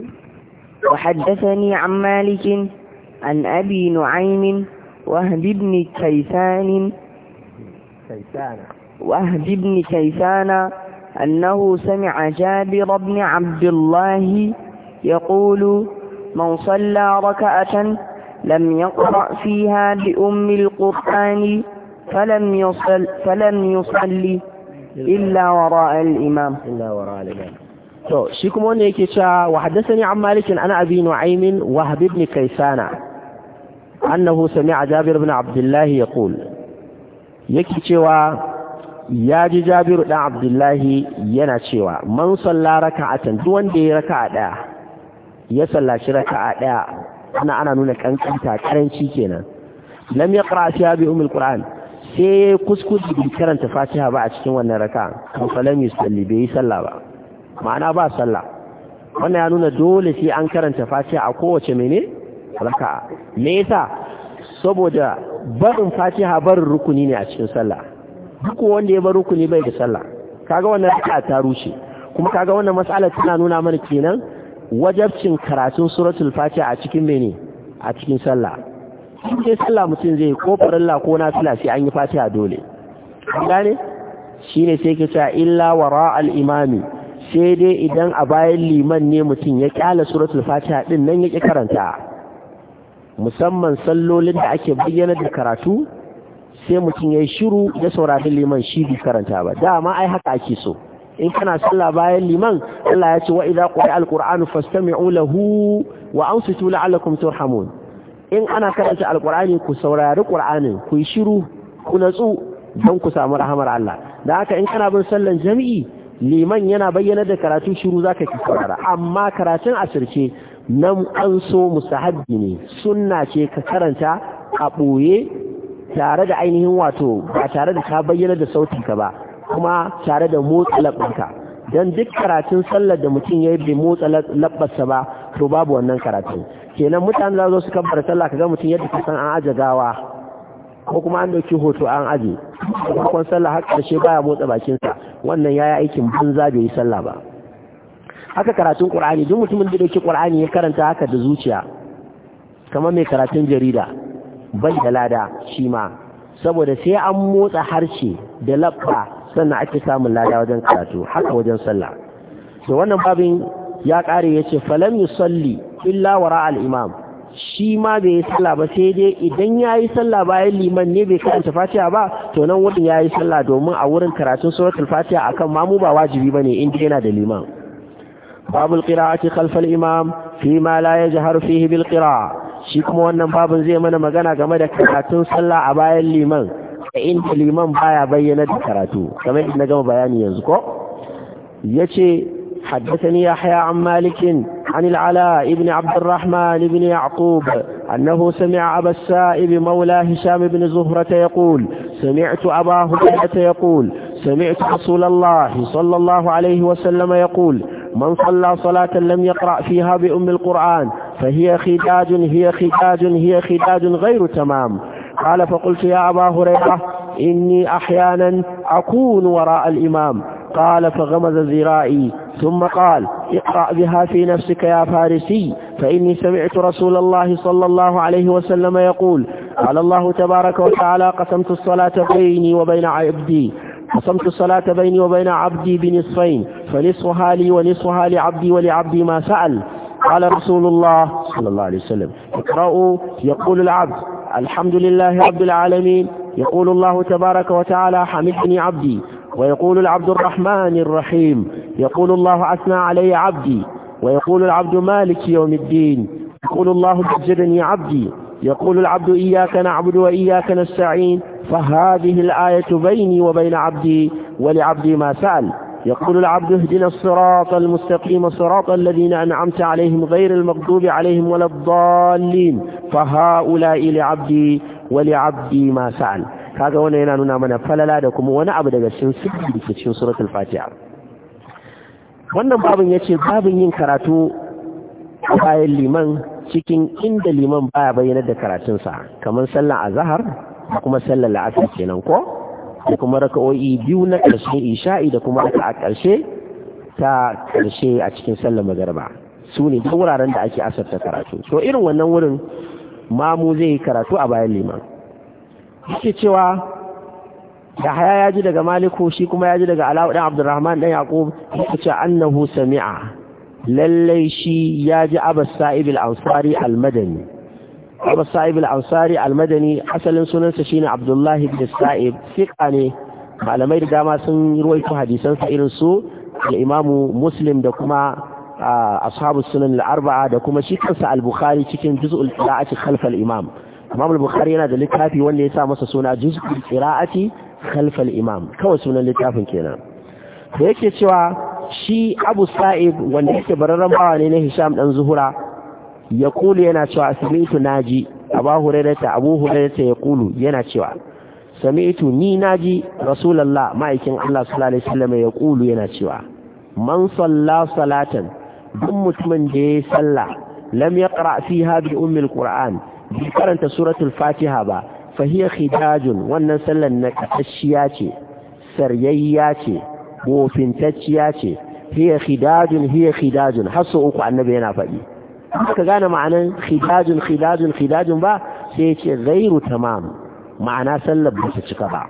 وحدثني عن مالك عن أبي نعيم وهب ابن كيسان كيسان وهب بن كيسان أنه سمع جابر بن عبد الله يقول من صلى ركعة لم يقرأ فيها بأم القرآن فلم يصل فلم يصلي إلا وراء الإمام إلا وراء الإمام to shi kuma yake cewa wa haddathani an malik an abi nu'aym wa habib ibn kaysana annahu sami'a jabir ibn abdullah yaqul yake cewa ya ji jabiru dan abdullahi yana cewa man salla raka'atan duk wanda ya raka'a daya ya sallaci raka'a daya ana ana nuna kankanta karanci kenan lam yaqra fi abi umul qur'an sai ya kuskure bai karanta fatiha ba a cikin wannan raka kan falam yusalli bai yi sallah ba ma'ana ba sallah wannan ya nuna dole sai an karanta fatiha a kowace mene raka me yasa saboda barin fatiha barin rukuni ne a cikin sallah duk wanda ya bar rukuni bai da sallah kaga wannan raka ta rushe kuma kaga wannan mas'alar tana nuna mana kenan wajabcin karatun suratul fatiha a cikin mene a cikin sallah sai sallah mutum zai ko farilla ko nafila sai an yi fatiha dole gane ne? sai ke cewa illa wara al imami sai dai idan a bayan liman ne mutum ya kyala suratul fatiha din nan ya ƙi karanta musamman sallolin da ake bayyana da karatu sai mutum ya yi shiru ya saurari liman shi bi karanta ba dama ai haka ake so in kana sallah bayan liman Allah ya ce wa idza quri'a al fastami'u lahu wa ansitu la'allakum turhamun in ana karanta alkur'ani ku saurari qur'anin ku yi shiru ku natsu don ku samu rahamar Allah da haka in kana bin sallan jami'i liman yana bayyana da karatu shiru zaka ki saurara amma karatun asirce nan an so musahabbi ne sunna ce ka karanta a ɓoye tare da ainihin wato ba tare da ka bayyana da sautin ka ba kuma tare da motsa labbanka don duk karatun sallar da mutum ya yi bai motsa labbarsa ba to babu wannan karatun kenan mutane za zo su kabbar sallah kaga mutum yadda ka san an aje gawa ko kuma an dauki hoto an aje farkon sallah har karshe baya motsa sa wannan yayi aikin banza bai yi sallah ba haka karatun qur'ani duk mutumin da yake qur'ani ya karanta haka da zuciya kamar mai karatun jarida bai da lada shi ma saboda sai an motsa harshe da labba sannan ake samun lada wajen karatu haka wajen sallah to wannan babin ya kare yace falam yusalli illa wara al-imam shi ma bai yi sallah ba sai dai idan ya yi sallah bayan liman ne bai karanta fatiha ba to nan wurin ya yi sallah domin a wurin karatun suratul fatiha akan mamu ba wajibi bane in yana da liman babul qira'ati khalfal imam fi ma la yajharu fihi bil qira'a shi kuma wannan babun zai mana magana game da karatun sallah a bayan liman da inda liman baya bayyana da karatu kamar yadda na gama bayani yanzu ko yace حدثني يحيى an مالك عن العلاء بن عبد الرحمن بن يعقوب أنه سمع أبا السائب مولى هشام بن زهرة يقول سمعت أبا هريرة يقول سمعت رسول الله صلى الله عليه وسلم يقول من صلى صلاة لم يقرأ فيها بأم القرآن فهي خداج هي خداج هي خداج غير تمام قال فقلت يا أبا هريرة إني أحيانا أكون وراء الإمام قال فغمز ذرائي ثم قال اقرأ بها في نفسك يا فارسي فإني سمعت رسول الله صلى الله عليه وسلم يقول قال الله تبارك وتعالى قسمت الصلاة بيني وبين عبدي قسمت الصلاة بيني وبين عبدي بنصفين فنصفها لي ونصفها لعبدي ولعبدي ما سأل قال رسول الله صلى الله عليه وسلم اقرأوا يقول العبد الحمد لله رب العالمين يقول الله تبارك وتعالى حمدني عبدي ويقول العبد الرحمن الرحيم يقول الله أثنى علي عبدي ويقول العبد مالك يوم الدين يقول الله بجرني عبدي يقول العبد إياك نعبد وإياك نستعين فهذه الآية بيني وبين عبدي ولعبدي ما سأل يقول العبد اهدنا الصراط المستقيم صراط الذين أنعمت عليهم غير المغضوب عليهم ولا الضالين فهؤلاء لعبدي ولعبدي ما سأل هذا هو نينان نونا فلا لا دكم ونعبد أبدا بسن سبب سورة الفاتحة wannan babin ya ce babin yin karatu bayan liman cikin inda liman baya bayyana da karatunsa kamar sallar azahar da kuma sallar la'asar kenan ko da kuma raka'o'i biyu na ƙarshe isha'i da kuma aka a ƙarshe ta ƙarshe a cikin sallar magarba su ne wuraren da ake asarta karatu so irin wannan wurin mamu zai yi karatu a bayan liman yake cewa yahaya ya ji daga maliku shi kuma ya ji daga ala'udan abdurrahman ɗan yaƙub ya ce annahu sami'a lallai shi ya ji abbas sa'ib al-ansari al-madani abbas sa'ib al-ansari al-madani asalin sunansa shine abdullahi ibn sa'ib fiqa ne malamai da dama sun ruwaito hadisan sa irin su al-imamu muslim da kuma ashabu sunan al-arba'a da kuma shi kansa al-bukhari cikin juz'ul qira'ati khalf al-imam imam al-bukhari yana da littafi wanda ya sa masa suna juz'ul qira'ati khalfal imam kawai sunan littafin kenan da yake cewa shi abu sa'id wanda yake bararran bawa ne na hisham dan zuhura ya kulu yana cewa sami'tu naji aba hurairata abu hurairata ya kulu yana cewa sami'tu ni naji rasulullah ma'aikin Allah sallallahu alaihi wasallam ya kulu yana cewa man salla salatan duk mutumin da ya salla lam yaqra fiha bi ummil alquran bi karanta suratul fatiha ba fahiyar hidajun wannan sallar na ƙasashiya ce saryayya ce mofintacciya ce hiya khidajun hiya khidajun har sau uku annabi yana faɗi ka gane ma'anan khidajun khidajun khidajun ba sai ce gairu tamam ma'ana sallar ba ta cika ba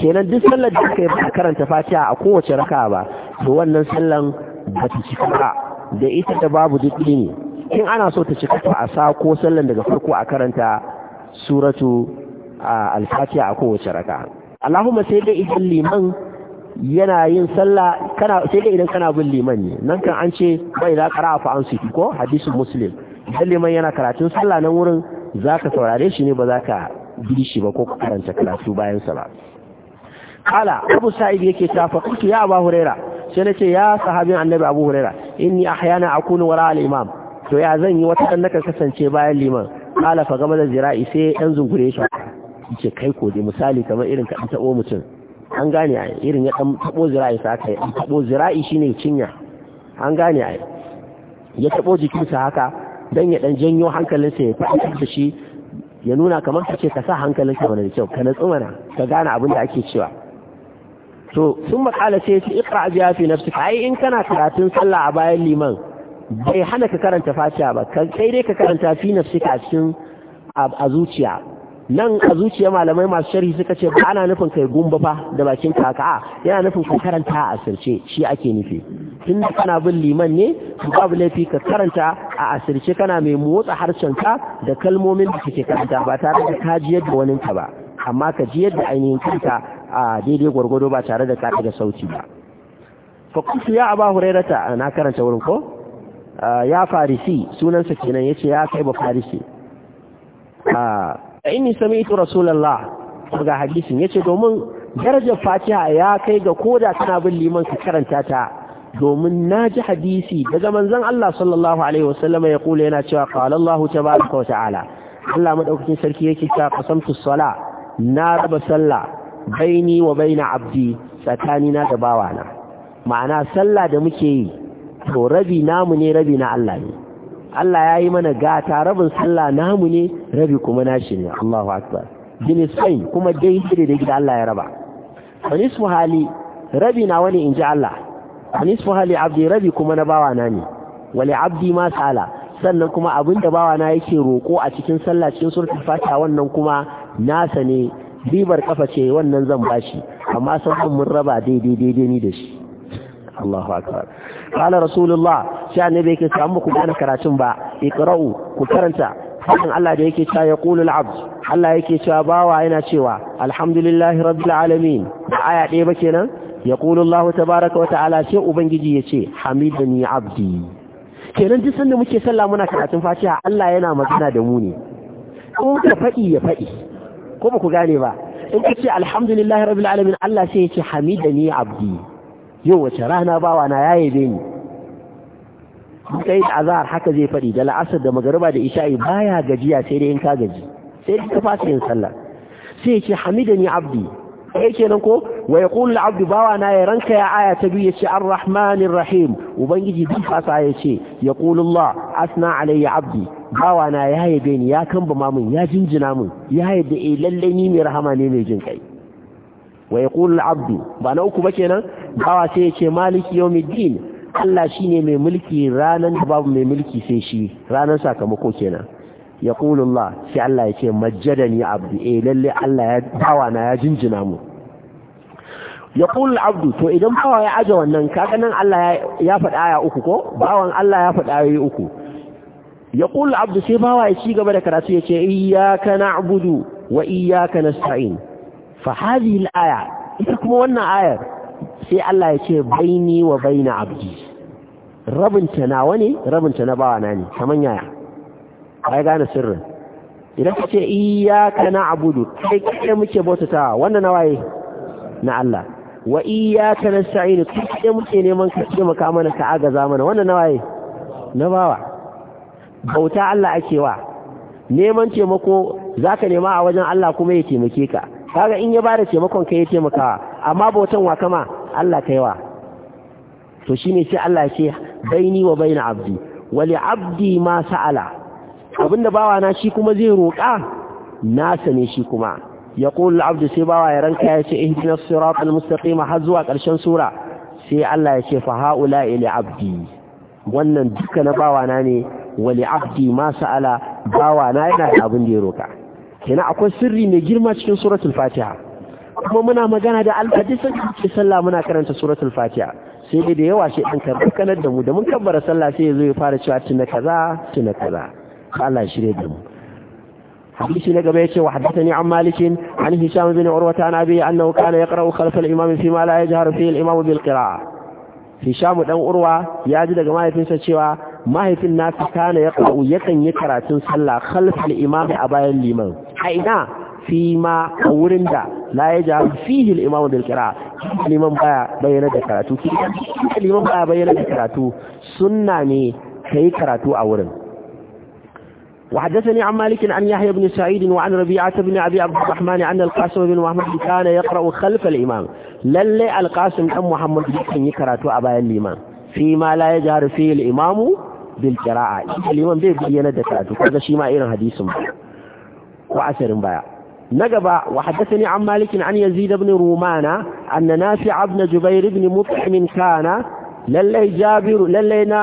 kenan duk sallar da aka yi ba karanta fatiha a kowace raka ba to wannan sallan ba ta cika ba da ita da babu duk ne in ana so ta cika to a sako sallan daga farko a karanta suratu al-fatiha a kowace raka Allahumma sai dai idan liman yana yin sallah kana sai dai idan kana bin liman ne nan kan an ce bai za qara'a fa su ko hadisin muslim idan liman yana karatun sallah nan wurin zaka saurare shi ne ba zaka bi shi ba ko ka karanta karatu bayan sa ba kala abu sa'id yake ta fa kuntu ya abu huraira sai nace ya sahabin annabi abu huraira inni ahyana akunu wara al-imam to ya zan yi wata dan naka kasance bayan liman kala fa game da zira'i sai yan zungure shi ce kai ko dai misali kamar irin ka tabo mutum an gane ai irin ya dan tabo zira'i sa kai an tabo zira'i shine cinya an gane ai ya tabo jikinsa haka dan ya dan janyo hankalinsa ya faɗi da shi ya nuna kamar ka ce ka sa hankalinka mana da kyau ka natsu mana ka gane abin da ake cewa to sun makala sai su ikra biya fi nafsi ai in kana karatun sallah a bayan liman bai hana ka karanta fatiha ba sai dai ka karanta fi nafsi a cikin azuciya. nan azuciya malamai masu sharhi suka ce ba ana nufin kai gumba fa da bakin kaka a yana nufin ka karanta a asirce shi ake nufi tun da kana bin liman ne babu laifi ka karanta a asirce kana mai motsa harshen ka da kalmomin da kake karanta ba tare da ka ji yadda wani ka ba amma ka ji yadda ainihin kanka a daidai gwargwado ba tare da ka da sauti ba fa kuntu ya aba hurairata na karanta wurin ko Ah, ya farisi sunansa kenan yace ya kai ba farisi ah, a inni sami'tu rasulullah ga hadisin yace domin darajar fatiha ya kai ga koda kana bin liman ka karanta ta domin naji hadisi daga manzon Allah sallallahu alaihi wasallam ya kula yana cewa qala Allah tabaaraka wa ta'ala Allah madaukakin sarki yake cewa qasamtu sala na raba sallah baini wa baina abdi tsakani na da bawana ma'ana sallah da muke yi to rabi namu ne rabi na Allah ne Allah ya yi mana gata rabin sallah namu ne rabi kuma nashi ne Allahu akbar jini sai kuma dai shi da gida Allah ya raba anis hali rabi na wani inji Allah anis hali abdi rabi kuma na bawa na ne wali abdi ma sala sannan kuma abin da bawa na yake roko a cikin sallah cikin suratul fatiha wannan kuma nasa ne ribar kafa ce wannan zan bashi amma sauran mun raba daidai daidai ni da shi Allahu akbar qala rasulullah sha annabi yake ce amma ku gane karatun ba iqra'u ku karanta hakan Allah da yake cewa yaqulu al-abd Allah yake cewa bawa yana cewa alhamdulillahi rabbil alamin aya ɗaya ba kenan yaqulu Allah tabaaraka wa ta'ala sai ubangiji yace hamidani abdi kenan duk sanda muke sallah muna karatun Fatiha Allah yana magana da mu ne ko ka faɗi ya faɗi ko ba ku gane ba in ka ce alhamdulillahi rabbil alamin Allah sai ya ce hamidani abdi yau wace rana bawa na yaye be ni kai da Azahar haka zai faɗi da la'asar da magariba da isha'i baya gajiya sai dai in ka gaji sai ka fasa yin sallah sai Hamida hamidani abdi kai kenan ko wa yaqulu abdu bawa na ya ranka ya aya ta biyu yace arrahmanir rahim ubangiji duk fasa yace yaqulu allah asna alayya abdi bawa na ya ni ya kamba mamun ya jinjina mun ya yadda da eh, lalle ni mai rahama ne mai jin kai wa yaqulu abdu ba na uku ba kenan bawa sai ya ce maliki yawmiddin Allah shi ne mai mulki ranar da babu mai mulki sai shi ranar sakamako kenan yaqulu Allah sai Allah ya ce ni abdu eh lalle Allah ya bawa na ya jinjina mu yaqulu abdu to idan bawa ya aja wannan kaga nan Allah ya faɗa ya uku ko bawan Allah ya faɗa ya uku yaqulu abdu sai bawa ya ci gaba da karatu ya ce iyyaka na'budu wa iyyaka nasta'in fa hadhihi al-aya ita kuma wannan ayar sai Allah ya ce baini wa baina abdi rabin ta nawa ne rabin ta na bawa na ne kaman yaya ai gane sirrin idan ka kace iyyaka na'budu kai kai muke bautata wannan na waye? na Allah wa iyyaka nasta'in kai muke neman ka taimaka mana ka agaza zamana, wannan na waye? na bawa bauta Allah ake wa neman taimako zaka nema a wajen Allah kuma ya taimake ka kaga in ya bada taimakon kai ya taimakawa amma bautan wa kama Allah kai wa to shine sai Allah ya ce baini wa baina abdi wali abdi ma sa'ala abinda bawa na shi kuma zai roƙa na sane shi kuma ya qul abdu sai bawa ya ranka ya ce ihdinas siratal mustaqim har zuwa ƙarshen sura sai Allah ya ce fa haula ila abdi wannan duka na bawa na ne wali abdi ma sa'ala bawa na yana da abin da ya roƙa Kina akwai sirri mai girma cikin suratul fatiha kuma muna magana da alhadisin cikin sallah muna karanta suratul fatiha sai dai da yawa shi an karɓar da mu da mun kabbara sallah sai ya zo ya fara cewa tuna kaza tuna kaza Allah shirye da mu حديث malikin يتي وحدثني عن مالك عن هشام بن عروة عن أبي أنه كان يقرأ خلف الإمام فيما لا يجهر فيه الإمام بالقراءة هشام بن عروة يجد daga يتنسى cewa. mahaifin nasa kana ya ƙa'u yakan yi karatun sallah khalfal imam a bayan liman a ina fi ma a wurin da la ya ja fihi al-imam bil qira'a liman baya bayyana da karatu liman baya bayyana da karatu sunna ne kai karatu a wurin وحدثني عن مالك عن يحيى بن سعيد وعن ربيعة بن أبي عبد الرحمن عن القاسم بن محمد كان يقرأ خلف الإمام للي القاسم أم محمد كان يقرأ أبا الإمام فيما لا يجهر فيه الإمام bil jara'a liman bai bayyana da karatu kaga shi ma irin hadisin ba wa baya na gaba wa haddathani an malikin an yazid ibn rumana anna nafi' ibn jubair ibn mut'im kana lallai na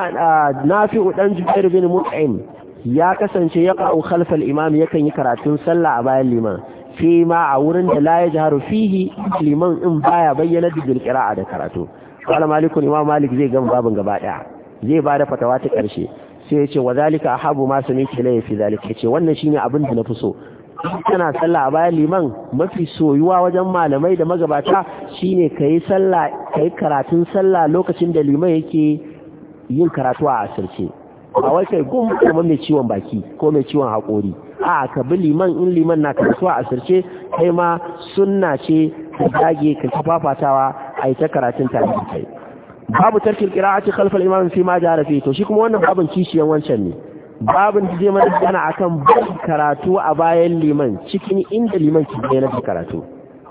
nafi' dan jubair bin mut'im ya kasance ya qa'u khalfa al yakan yi karatun sallah a bayan liman fi ma a wurin da la yajharu fihi liman in baya bayyana da bilkira'a da karatu qala malik malik zai gama babin gaba daya zai ba da fatawa ta ƙarshe sai ya ce wa zalika ahabu ma sami kila fi zalika ya ce wannan shine abin da na fi so kana sallah a bayan liman mafi soyuwa wajen malamai da magabata shine kayi sallah yi karatun sallah lokacin da liman yake yin karatu a asirce a wai kai gum kuma mai ciwon baki ko mai ciwon haƙori a ka bi liman in liman na karatu a asirce kai ma sunna ce ka dage ka kafafatawa a yi ta karatun tarihi kai babu tarkin kira'a khalf al-imam fi ma jara fi to shi kuma wannan babin kishiyan wancan ne babin da zai mana gana akan babu karatu a bayan liman cikin inda liman ki bayyana da karatu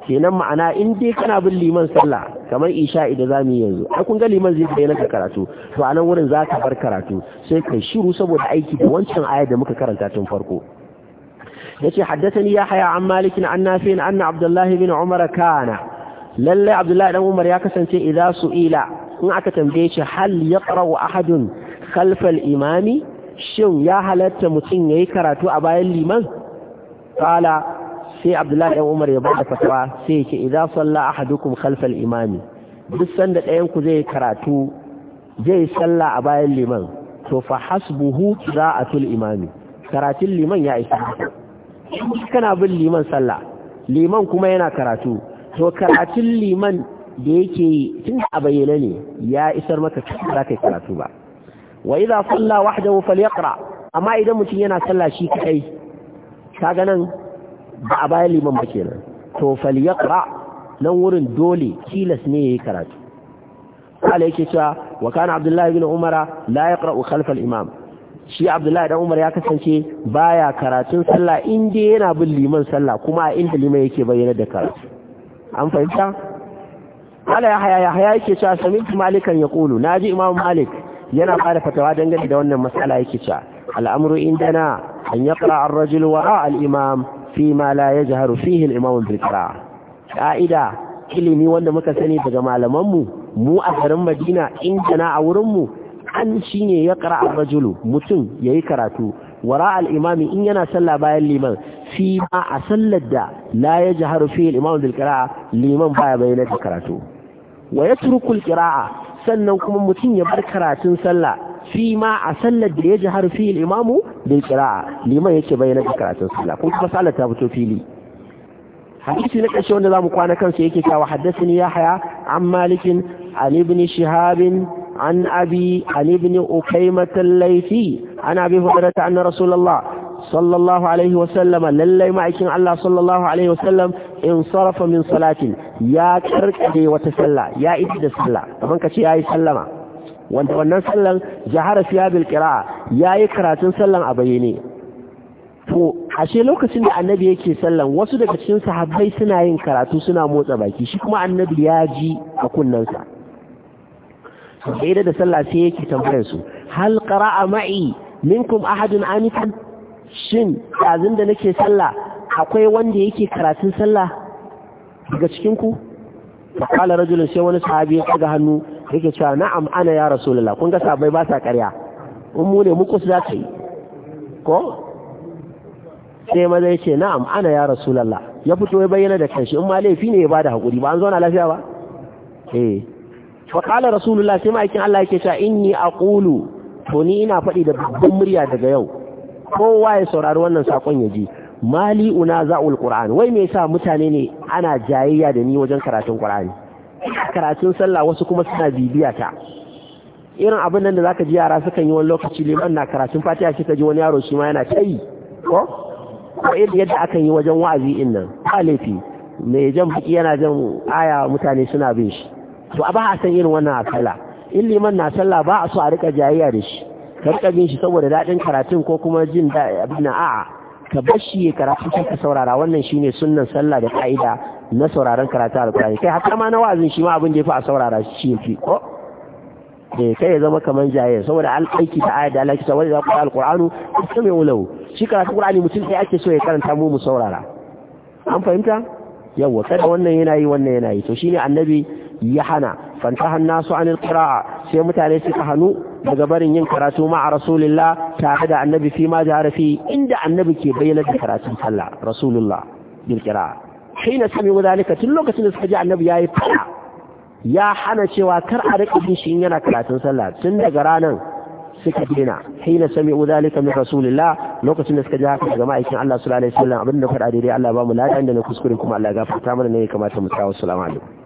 kenan ma'ana in dai kana bin liman sallah kamar isha idan zamu yanzu ai kun ga liman zai bayyana da karatu to a nan wurin zaka bar karatu sai kai shiru saboda aiki da wancan aya da muka karanta tun farko yace haddathani ya haya an malik an nafi anna abdullahi bin umar kana lalle abdullahi dan umar ya kasance idza su'ila in aka tambaye shi hal ya ƙarau ahadun khalfal imami shin ya halatta mutum ya yi karatu a bayan liman ƙala sai abdullahi ɗan umar ya da fatawa sai yake idan salla ahadukum khalfal imami duk sanda ɗayan ku zai karatu zai salla a bayan liman to fa hasbuhu za a qira'atul imami karatun liman ya isa kana bin liman sallah liman kuma yana karatu to karatun liman da yake yi tun a bayyana ne ya isar maka cikin za ka karatu ba wa idza salla wahdahu falyaqra amma idan mutum yana salla shi kai ga nan ba a bayan liman ba kenan to falyaqra nan wurin dole kilas ne yayi karatu kala yake cewa wa kana abdullahi ibn Umar la yaqra khalfa al-imam shi abdullah dan umar ya kasance baya karatun sallah inda yana bin liman sallah kuma a inda liman yake bayyana da karatu an fahimta ala yahya yahya yake cewa sami'tu malikan ya na naji imam malik yana bada fatawa dangane da wannan mas'ala yake cewa al'amru indana an yaqra ar-rajul wara al-imam fi ma la yajharu fihi al-imam bil qira'a ilimi wanda muka sani daga malaman mu mu a garin Madina indana a wurin mu an shine yaqra ar-rajul mutum yayi karatu wara al-imami in yana sallah bayan liman fi ma a sallar da la yajharu fihi al-imam liman baya bayyana da karatu wa turukul kira'a? sannan kuma mutum ya bar karatun sallah fi ma a sallar da ya ji harfi imamu bil kira'a. liman yake bayyana da karatun sallah kun kuma sallar ta fito fili hadisi na ƙarshe wanda zamu kwana kansa yake cewa haddathani yahya an malikin an ibn shihabin عن أبي عن ابن أكيمة الليثي عن an هريرة أن رسول الله صلى الله عليه وسلم للي معك Allah, sallallahu alaihi wa sallam. in sarrafa min salatin ya karkade wata sallah ya ita da sallah kamar ka ce yayi sallama wanda wannan sallan jahara fiya bil qira'a yayi karatun sallan a bayyane to ashe lokacin da annabi yake sallan wasu daga cikin sahabbai suna yin karatu suna motsa baki shi kuma annabi ya ji a kunnensa sai da sallah sai yake tambayar su hal qara'a ma'i minkum ahadun anifan shin ɗazin da nake sallah akwai wanda yake karatun sallah daga cikinku faƙala rajulun sai wani sahabi ya ɗaga hannu yake cewa na'am ana ya rasulullah kun ga sabai ba sa ƙarya in mu ne muku za ka yi ko sai maza ya ce na'am ana ya rasulullah ya fito ya bayyana da kanshi in ma laifi ne ya bada haƙuri, ba an zauna lafiya ba eh faƙala rasulullah sai ma'aikin Allah yake cewa a ƙulu to ni ina faɗi da babban murya daga yau kowa ya saurari wannan sakon ya ji mali una za'ul qur'an wai me yasa mutane ne ana jayayya da ni wajen karatun qur'ani karatun sallah wasu kuma suna bibiya ta irin abin nan da zaka ji yara sukan yi wani lokaci liman na karatun fatiha kika ji wani yaro shi ma yana tayi ko ko irin yadda akan yi wajen wa'azi din nan alifi mai jan biki yana jan aya mutane suna bin shi to a ba a san irin wannan akala in liman na sallah ba a so a rika jayayya da shi ka rika bin shi saboda daɗin karatun ko kuma jin da abin a'a ka bar shi ya karatu sai ka saurara wannan shine sunnan sallah da ka'ida na sauraron karatu alƙur'ani kai hatta ma na wa'azin shi ma abin da ya fi a saurara shi fi ko eh kai ya zama kaman jaye saboda an aiki da ayat da Allah ta wani zaku alqur'anu sai ulau shi karatu qur'ani mutum sai ake so ya karanta mu mu saurara an fahimta yawa kada wannan yana yi wannan yana yi to shine annabi ya hana fantahan nasu anil qira'a sai mutane suka hanu daga barin yin karatu ma a rasulillah tare da annabi fi ma jahara inda annabi ke bayyana da karatun sallah rasulullah bil qira'a hina sami wadalika tun lokacin da suka ji annabi ya yi fara ya hana cewa kar a rike shi in yana karatun sallah tun daga ranan suka dena hina sami wadalika min rasulillah lokacin da suka ji haka daga ma'aikin Allah sallallahu alaihi wasallam abinda faɗa daidai Allah ba mu ladan da na kuskure kuma Allah ya gafarta mana ne kamata mu tsawo assalamu alaikum